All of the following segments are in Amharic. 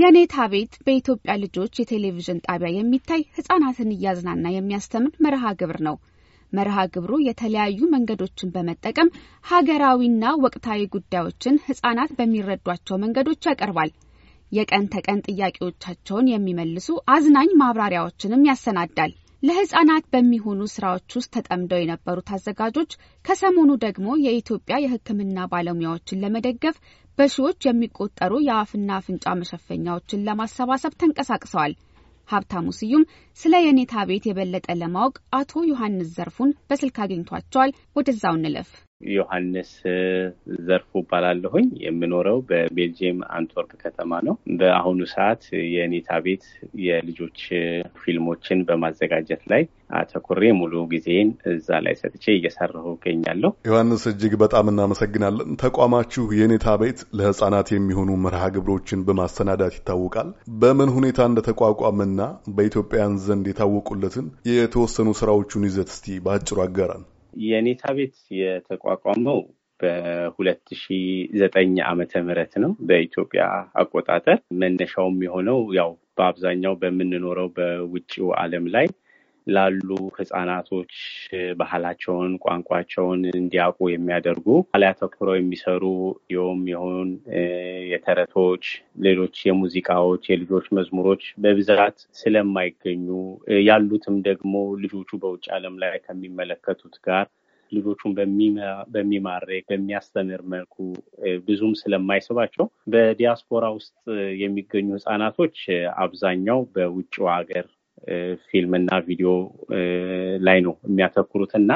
የኔታ ቤት በኢትዮጵያ ልጆች የቴሌቪዥን ጣቢያ የሚታይ ህጻናትን እያዝናና የሚያስተምር መርሃ ግብር ነው። መርሃ ግብሩ የተለያዩ መንገዶችን በመጠቀም ሀገራዊና ወቅታዊ ጉዳዮችን ህጻናት በሚረዷቸው መንገዶች ያቀርባል። የቀን ተቀን ጥያቄዎቻቸውን የሚመልሱ አዝናኝ ማብራሪያዎችንም ያሰናዳል። ለህጻናት በሚሆኑ ስራዎች ውስጥ ተጠምደው የነበሩት አዘጋጆች ከሰሞኑ ደግሞ የኢትዮጵያ የሕክምና ባለሙያዎችን ለመደገፍ በሺዎች የሚቆጠሩ የአፍና አፍንጫ መሸፈኛዎችን ለማሰባሰብ ተንቀሳቅሰዋል። ሀብታሙ ስዩም ስለ የኔታ ቤት የበለጠ ለማወቅ አቶ ዮሐንስ ዘርፉን በስልክ አግኝቷቸዋል። ወደዛው እንለፍ። ዮሐንስ ዘርፉ እባላለሁኝ። የምኖረው በቤልጅየም አንትወርፕ ከተማ ነው። በአሁኑ ሰዓት የኔታ ቤት የልጆች ፊልሞችን በማዘጋጀት ላይ አተኩሬ ሙሉ ጊዜን እዛ ላይ ሰጥቼ እየሰራሁ እገኛለሁ። ዮሐንስ እጅግ በጣም እናመሰግናለን። ተቋማችሁ የኔታ ቤት ለህፃናት የሚሆኑ መርሃ ግብሮችን በማሰናዳት ይታወቃል። በምን ሁኔታ እንደተቋቋመና በኢትዮጵያውያን ዘንድ የታወቁለትን የተወሰኑ ስራዎቹን ይዘት እስቲ በአጭሩ አጋራን። የኔታ ቤት የተቋቋመው በሁለት ሺ ዘጠኝ ዓመተ ምህረት ነው በኢትዮጵያ አቆጣጠር። መነሻውም የሆነው ያው በአብዛኛው በምንኖረው በውጭው ዓለም ላይ ላሉ ህጻናቶች ባህላቸውን፣ ቋንቋቸውን እንዲያውቁ የሚያደርጉ ላይ አተኩረው የሚሰሩ ዮም የሆን የተረቶች፣ ሌሎች የሙዚቃዎች፣ የልጆች መዝሙሮች በብዛት ስለማይገኙ ያሉትም ደግሞ ልጆቹ በውጭ ዓለም ላይ ከሚመለከቱት ጋር ልጆቹን በሚማርክ በሚያስተምር መልኩ ብዙም ስለማይስባቸው በዲያስፖራ ውስጥ የሚገኙ ህጻናቶች አብዛኛው በውጭው ሀገር ፊልም እና ቪዲዮ ላይ ነው የሚያተኩሩት እና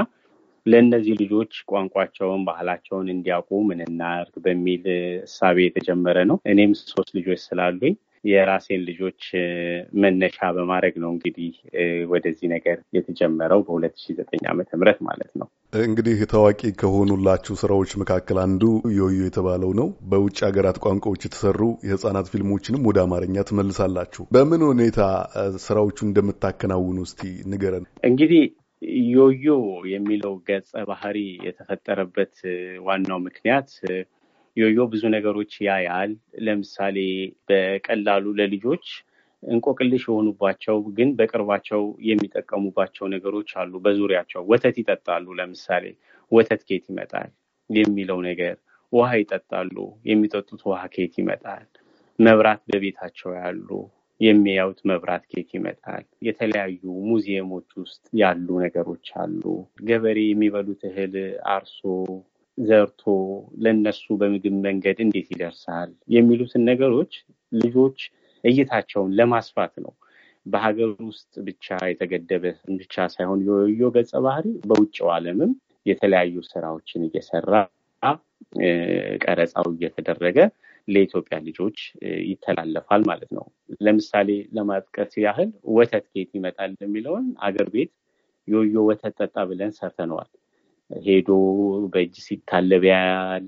ለእነዚህ ልጆች ቋንቋቸውን፣ ባህላቸውን እንዲያውቁ ምን በሚል እሳቤ የተጀመረ ነው። እኔም ሶስት ልጆች ስላሉኝ የራሴን ልጆች መነሻ በማድረግ ነው እንግዲህ ወደዚህ ነገር የተጀመረው በሁለት ሺህ ዘጠኝ ዓመተ ምህረት ማለት ነው። እንግዲህ ታዋቂ ከሆኑላችሁ ስራዎች መካከል አንዱ ዮዮ የተባለው ነው። በውጭ ሀገራት ቋንቋዎች የተሰሩ የህፃናት ፊልሞችንም ወደ አማርኛ ትመልሳላችሁ። በምን ሁኔታ ስራዎቹ እንደምታከናውኑ እስቲ ንገረን። እንግዲህ ዮዮ የሚለው ገጸ ባህሪ የተፈጠረበት ዋናው ምክንያት ዮዮ ብዙ ነገሮች ያያል። ለምሳሌ በቀላሉ ለልጆች እንቆቅልሽ የሆኑባቸው ግን በቅርባቸው የሚጠቀሙባቸው ነገሮች አሉ። በዙሪያቸው ወተት ይጠጣሉ። ለምሳሌ ወተት ኬት ይመጣል የሚለው ነገር፣ ውሃ ይጠጣሉ፣ የሚጠጡት ውሃ ኬት ይመጣል። መብራት በቤታቸው ያሉ የሚያዩት መብራት ኬት ይመጣል። የተለያዩ ሙዚየሞች ውስጥ ያሉ ነገሮች አሉ። ገበሬ የሚበሉት እህል አርሶ ዘርቶ ለነሱ በምግብ መንገድ እንዴት ይደርሳል የሚሉትን ነገሮች ልጆች እይታቸውን ለማስፋት ነው። በሀገር ውስጥ ብቻ የተገደበ ብቻ ሳይሆን የወዮ ገጸ ባህሪ በውጭው አለምም የተለያዩ ስራዎችን እየሰራ ቀረጻው እየተደረገ ለኢትዮጵያ ልጆች ይተላለፋል ማለት ነው። ለምሳሌ ለማጥቀስ ያህል ወተት ከየት ይመጣል የሚለውን አገር ቤት የወዮ ወተት ጠጣ ብለን ሰርተነዋል። ሄዶ በእጅ ሲታለብ ያያል።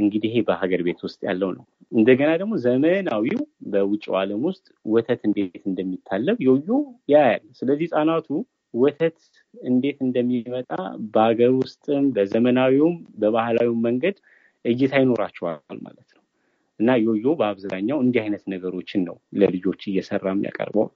እንግዲህ ይሄ በሀገር ቤት ውስጥ ያለው ነው። እንደገና ደግሞ ዘመናዊው በውጭው ዓለም ውስጥ ወተት እንዴት እንደሚታለብ ዮዮ ያያል። ስለዚህ ህጻናቱ ወተት እንዴት እንደሚመጣ በሀገር ውስጥም በዘመናዊውም በባህላዊውም መንገድ እይታ ይኖራቸዋል ማለት ነው እና ዮዮ በአብዛኛው እንዲህ አይነት ነገሮችን ነው ለልጆች እየሰራም ያቀርበው።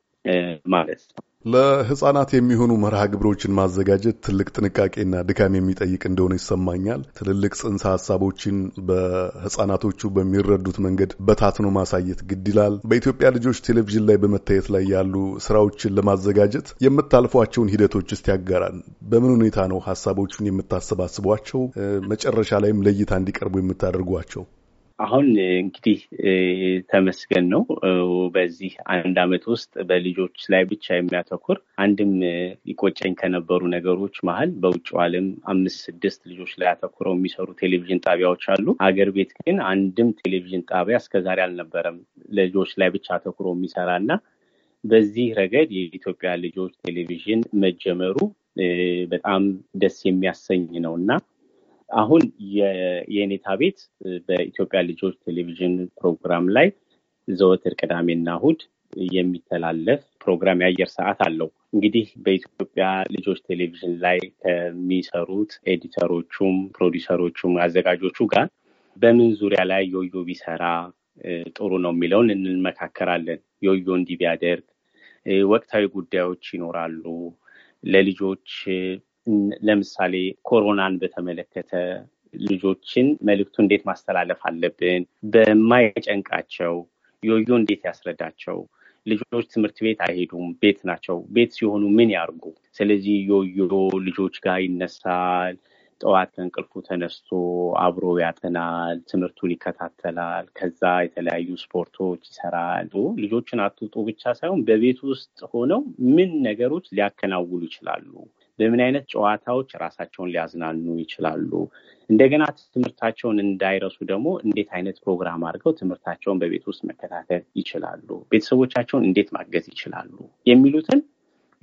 ማለት ነው። ለህጻናት የሚሆኑ መርሃ ግብሮችን ማዘጋጀት ትልቅ ጥንቃቄና ድካም የሚጠይቅ እንደሆነ ይሰማኛል። ትልልቅ ጽንሰ ሀሳቦችን በህጻናቶቹ በሚረዱት መንገድ በታትኖ ማሳየት ግድ ይላል። በኢትዮጵያ ልጆች ቴሌቪዥን ላይ በመታየት ላይ ያሉ ስራዎችን ለማዘጋጀት የምታልፏቸውን ሂደቶች እስቲ ያጋራል። በምን ሁኔታ ነው ሀሳቦቹን የምታሰባስቧቸው? መጨረሻ ላይም ለእይታ እንዲቀርቡ የምታደርጓቸው? አሁን እንግዲህ ተመስገን ነው። በዚህ አንድ አመት ውስጥ በልጆች ላይ ብቻ የሚያተኩር አንድም ይቆጨኝ ከነበሩ ነገሮች መሀል በውጭው አለም አምስት ስድስት ልጆች ላይ አተኩረው የሚሰሩ ቴሌቪዥን ጣቢያዎች አሉ። አገር ቤት ግን አንድም ቴሌቪዥን ጣቢያ እስከዛሬ አልነበረም ልጆች ላይ ብቻ አተኩሮ የሚሰራ እና በዚህ ረገድ የኢትዮጵያ ልጆች ቴሌቪዥን መጀመሩ በጣም ደስ የሚያሰኝ ነው እና አሁን የኔታ ቤት በኢትዮጵያ ልጆች ቴሌቪዥን ፕሮግራም ላይ ዘወትር ቅዳሜና እሁድ የሚተላለፍ ፕሮግራም የአየር ሰዓት አለው። እንግዲህ በኢትዮጵያ ልጆች ቴሌቪዥን ላይ ከሚሰሩት ኤዲተሮቹም፣ ፕሮዲሰሮቹም አዘጋጆቹ ጋር በምን ዙሪያ ላይ ዮዮ ቢሰራ ጥሩ ነው የሚለውን እንመካከራለን። ዮዮ እንዲህ ቢያደርግ፣ ወቅታዊ ጉዳዮች ይኖራሉ፣ ለልጆች ለምሳሌ ኮሮናን በተመለከተ ልጆችን መልእክቱ እንዴት ማስተላለፍ አለብን? በማይጨንቃቸው ዮዮ እንዴት ያስረዳቸው? ልጆች ትምህርት ቤት አይሄዱም፣ ቤት ናቸው። ቤት ሲሆኑ ምን ያርጉ? ስለዚህ ዮዮ ልጆች ጋር ይነሳል። ጠዋት ከእንቅልፉ ተነስቶ አብሮ ያጠናል፣ ትምህርቱን ይከታተላል። ከዛ የተለያዩ ስፖርቶች ይሰራል። ልጆችን አትውጡ ብቻ ሳይሆን በቤት ውስጥ ሆነው ምን ነገሮች ሊያከናውሉ ይችላሉ በምን አይነት ጨዋታዎች ራሳቸውን ሊያዝናኑ ይችላሉ? እንደገና ትምህርታቸውን እንዳይረሱ ደግሞ እንዴት አይነት ፕሮግራም አድርገው ትምህርታቸውን በቤት ውስጥ መከታተል ይችላሉ? ቤተሰቦቻቸውን እንዴት ማገዝ ይችላሉ? የሚሉትን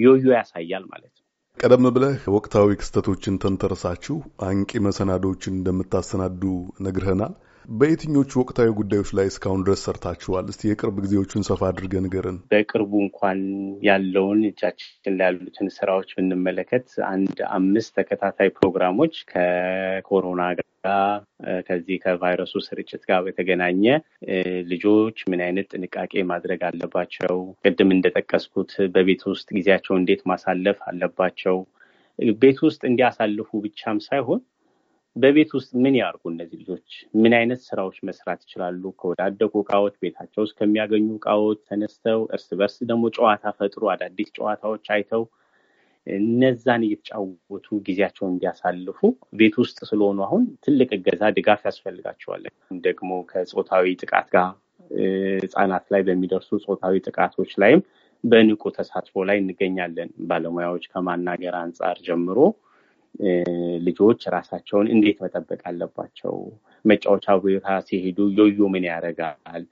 ዮዮ ያሳያል ማለት ነው። ቀደም ብለህ ወቅታዊ ክስተቶችን ተንተርሳችሁ አንቂ መሰናዶዎችን እንደምታሰናዱ ነግረህናል። በየትኞቹ ወቅታዊ ጉዳዮች ላይ እስካሁን ድረስ ሰርታችኋል? እስቲ የቅርብ ጊዜዎቹን ሰፋ አድርገ ንገርን። በቅርቡ እንኳን ያለውን እጃችን ላይ ያሉትን ስራዎች ብንመለከት አንድ አምስት ተከታታይ ፕሮግራሞች ከኮሮና ጋር ከዚህ ከቫይረሱ ስርጭት ጋር በተገናኘ ልጆች ምን አይነት ጥንቃቄ ማድረግ አለባቸው? ቅድም እንደጠቀስኩት በቤት ውስጥ ጊዜያቸው እንዴት ማሳለፍ አለባቸው? ቤት ውስጥ እንዲያሳልፉ ብቻም ሳይሆን በቤት ውስጥ ምን ያርጉ? እነዚህ ልጆች ምን አይነት ስራዎች መስራት ይችላሉ? ከወዳደቁ እቃዎች፣ ቤታቸው ውስጥ ከሚያገኙ እቃዎች ተነስተው እርስ በርስ ደግሞ ጨዋታ ፈጥሮ አዳዲስ ጨዋታዎች አይተው እነዛን እየተጫወቱ ጊዜያቸውን እንዲያሳልፉ ቤት ውስጥ ስለሆኑ አሁን ትልቅ እገዛ፣ ድጋፍ ያስፈልጋቸዋል። ደግሞ ከፆታዊ ጥቃት ጋር ህጻናት ላይ በሚደርሱ ጾታዊ ጥቃቶች ላይም በንቁ ተሳትፎ ላይ እንገኛለን። ባለሙያዎች ከማናገር አንጻር ጀምሮ ልጆች ራሳቸውን እንዴት መጠበቅ አለባቸው? መጫወቻ ቦታ ሲሄዱ ዮዮ ምን ያደርጋል?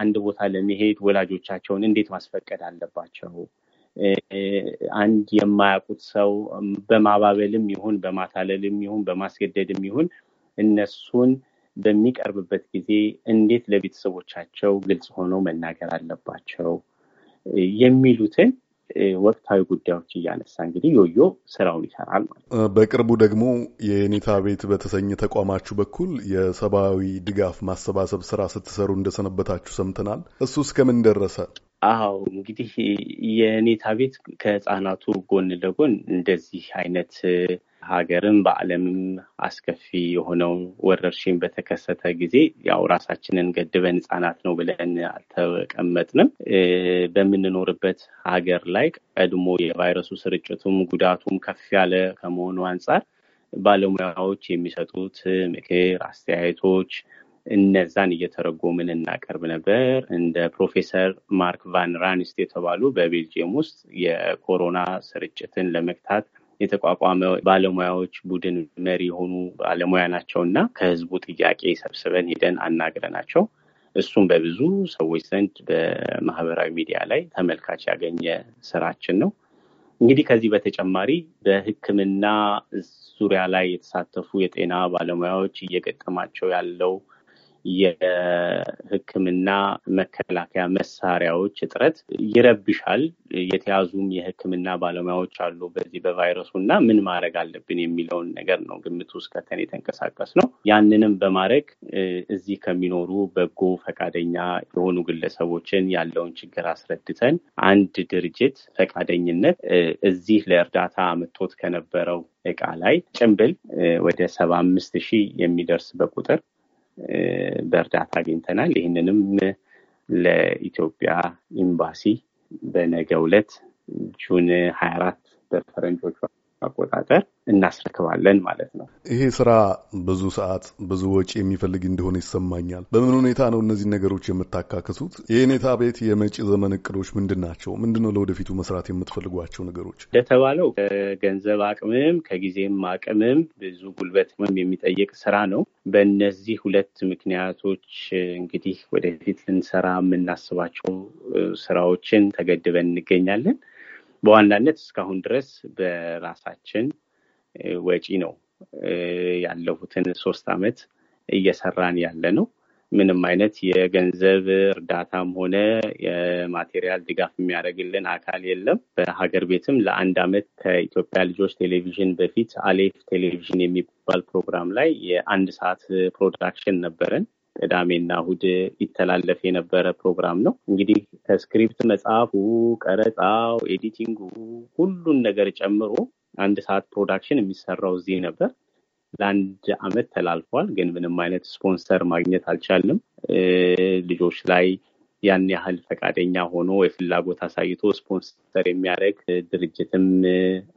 አንድ ቦታ ለመሄድ ወላጆቻቸውን እንዴት ማስፈቀድ አለባቸው? አንድ የማያውቁት ሰው በማባበልም ይሁን በማታለልም ይሁን በማስገደድም ይሁን እነሱን በሚቀርብበት ጊዜ እንዴት ለቤተሰቦቻቸው ግልጽ ሆነው መናገር አለባቸው የሚሉትን ወቅታዊ ጉዳዮች እያነሳ እንግዲህ ዮዮ ስራውን ይሰራል ማለት ነው። በቅርቡ ደግሞ የኔታ ቤት በተሰኘ ተቋማችሁ በኩል የሰብአዊ ድጋፍ ማሰባሰብ ስራ ስትሰሩ እንደሰነበታችሁ ሰምተናል። እሱ እስከምን ደረሰ? አዎ እንግዲህ የኔታ ቤት ከህፃናቱ ጎን ለጎን እንደዚህ አይነት ሀገርም በዓለምም አስከፊ የሆነው ወረርሽኝ በተከሰተ ጊዜ ያው ራሳችንን ገድበን ህጻናት ነው ብለን አልተቀመጥንም። በምንኖርበት ሀገር ላይ ቀድሞ የቫይረሱ ስርጭቱም ጉዳቱም ከፍ ያለ ከመሆኑ አንጻር ባለሙያዎች የሚሰጡት ምክር፣ አስተያየቶች እነዛን እየተረጎምን እናቀርብ ነበር። እንደ ፕሮፌሰር ማርክ ቫን ራንስት የተባሉ በቤልጅየም ውስጥ የኮሮና ስርጭትን ለመግታት የተቋቋመ ባለሙያዎች ቡድን መሪ የሆኑ ባለሙያ ናቸው እና ከህዝቡ ጥያቄ ሰብስበን ሄደን አናግረናቸው እሱም በብዙ ሰዎች ዘንድ በማህበራዊ ሚዲያ ላይ ተመልካች ያገኘ ስራችን ነው። እንግዲህ ከዚህ በተጨማሪ በህክምና ዙሪያ ላይ የተሳተፉ የጤና ባለሙያዎች እየገጠማቸው ያለው የሕክምና መከላከያ መሳሪያዎች እጥረት ይረብሻል። የተያዙም የሕክምና ባለሙያዎች አሉ በዚህ በቫይረሱ እና ምን ማድረግ አለብን የሚለውን ነገር ነው ግምት ውስጥ ከተን የተንቀሳቀስ ነው። ያንንም በማድረግ እዚህ ከሚኖሩ በጎ ፈቃደኛ የሆኑ ግለሰቦችን ያለውን ችግር አስረድተን አንድ ድርጅት ፈቃደኝነት እዚህ ለእርዳታ አምጥቶት ከነበረው እቃ ላይ ጭንብል ወደ ሰባ አምስት ሺህ የሚደርስ በቁጥር በእርዳታ አግኝተናል። ይህንንም ለኢትዮጵያ ኤምባሲ በነገ ዕለት ጁን ሀያ አራት በፈረንጆቹ እናስረክባለን ማለት ነው። ይሄ ስራ ብዙ ሰዓት ብዙ ወጪ የሚፈልግ እንደሆነ ይሰማኛል። በምን ሁኔታ ነው እነዚህ ነገሮች የምታካክሱት? የኔታ ቤት የመጪ ዘመን እቅዶች ምንድን ናቸው? ምንድነው ለወደፊቱ መስራት የምትፈልጓቸው ነገሮች? እንደተባለው ከገንዘብ አቅምም ከጊዜም አቅምም ብዙ ጉልበት የሚጠይቅ ስራ ነው። በእነዚህ ሁለት ምክንያቶች እንግዲህ ወደፊት ልንሰራ የምናስባቸው ስራዎችን ተገድበን እንገኛለን። በዋናነት እስካሁን ድረስ በራሳችን ወጪ ነው ያለፉትን ሶስት አመት እየሰራን ያለ ነው። ምንም አይነት የገንዘብ እርዳታም ሆነ የማቴሪያል ድጋፍ የሚያደርግልን አካል የለም። በሀገር ቤትም ለአንድ አመት ከኢትዮጵያ ልጆች ቴሌቪዥን በፊት አሌፍ ቴሌቪዥን የሚባል ፕሮግራም ላይ የአንድ ሰዓት ፕሮዳክሽን ነበረን። ቅዳሜና እሁድ ይተላለፍ የነበረ ፕሮግራም ነው። እንግዲህ ከስክሪፕት መጽሐፉ፣ ቀረጻው፣ ኤዲቲንጉ ሁሉን ነገር ጨምሮ አንድ ሰዓት ፕሮዳክሽን የሚሰራው እዚህ ነበር። ለአንድ አመት ተላልፏል፣ ግን ምንም አይነት ስፖንሰር ማግኘት አልቻልንም። ልጆች ላይ ያን ያህል ፈቃደኛ ሆኖ የፍላጎት አሳይቶ ስፖንሰር የሚያደርግ ድርጅትም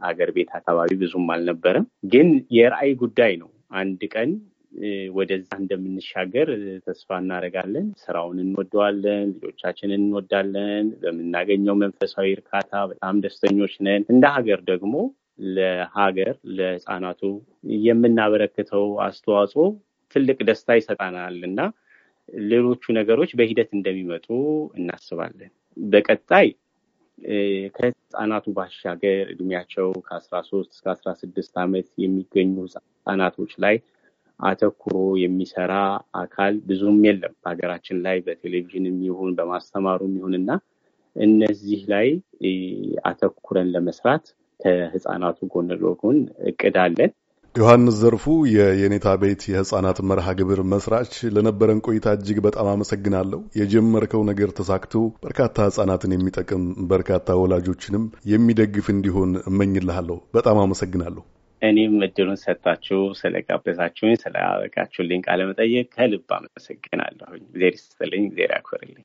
አገር ቤት አካባቢ ብዙም አልነበረም። ግን የራዕይ ጉዳይ ነው። አንድ ቀን ወደዛ እንደምንሻገር ተስፋ እናደርጋለን። ስራውን እንወደዋለን፣ ልጆቻችንን እንወዳለን። በምናገኘው መንፈሳዊ እርካታ በጣም ደስተኞች ነን። እንደ ሀገር ደግሞ ለሀገር ለህፃናቱ የምናበረክተው አስተዋጽኦ ትልቅ ደስታ ይሰጣናል እና ሌሎቹ ነገሮች በሂደት እንደሚመጡ እናስባለን። በቀጣይ ከህፃናቱ ባሻገር እድሜያቸው ከአስራ ሶስት እስከ አስራ ስድስት ዓመት የሚገኙ ህፃናቶች ላይ አተኩሮ የሚሰራ አካል ብዙም የለም በሀገራችን ላይ በቴሌቪዥን ይሁን በማስተማሩም እና እነዚህ ላይ አተኩረን ለመስራት ከህፃናቱ ጎን ለጎን እቅድ አለን። ዮሐንስ ዘርፉ የየኔታ ቤት የህፃናት መርሃ ግብር መስራች፣ ለነበረን ቆይታ እጅግ በጣም አመሰግናለሁ። የጀመርከው ነገር ተሳክቶ በርካታ ህፃናትን የሚጠቅም በርካታ ወላጆችንም የሚደግፍ እንዲሆን እመኝልሃለሁ። በጣም አመሰግናለሁ። እኔም እድሉን ሰጣችሁ ስለጋበዛችሁኝ ስላደረጋችሁልኝ ቃለ መጠየቅ ከልብ አመሰግናለሁኝ። እግዜር ይስጥልኝ፣ እግዜር ያክብርልኝ።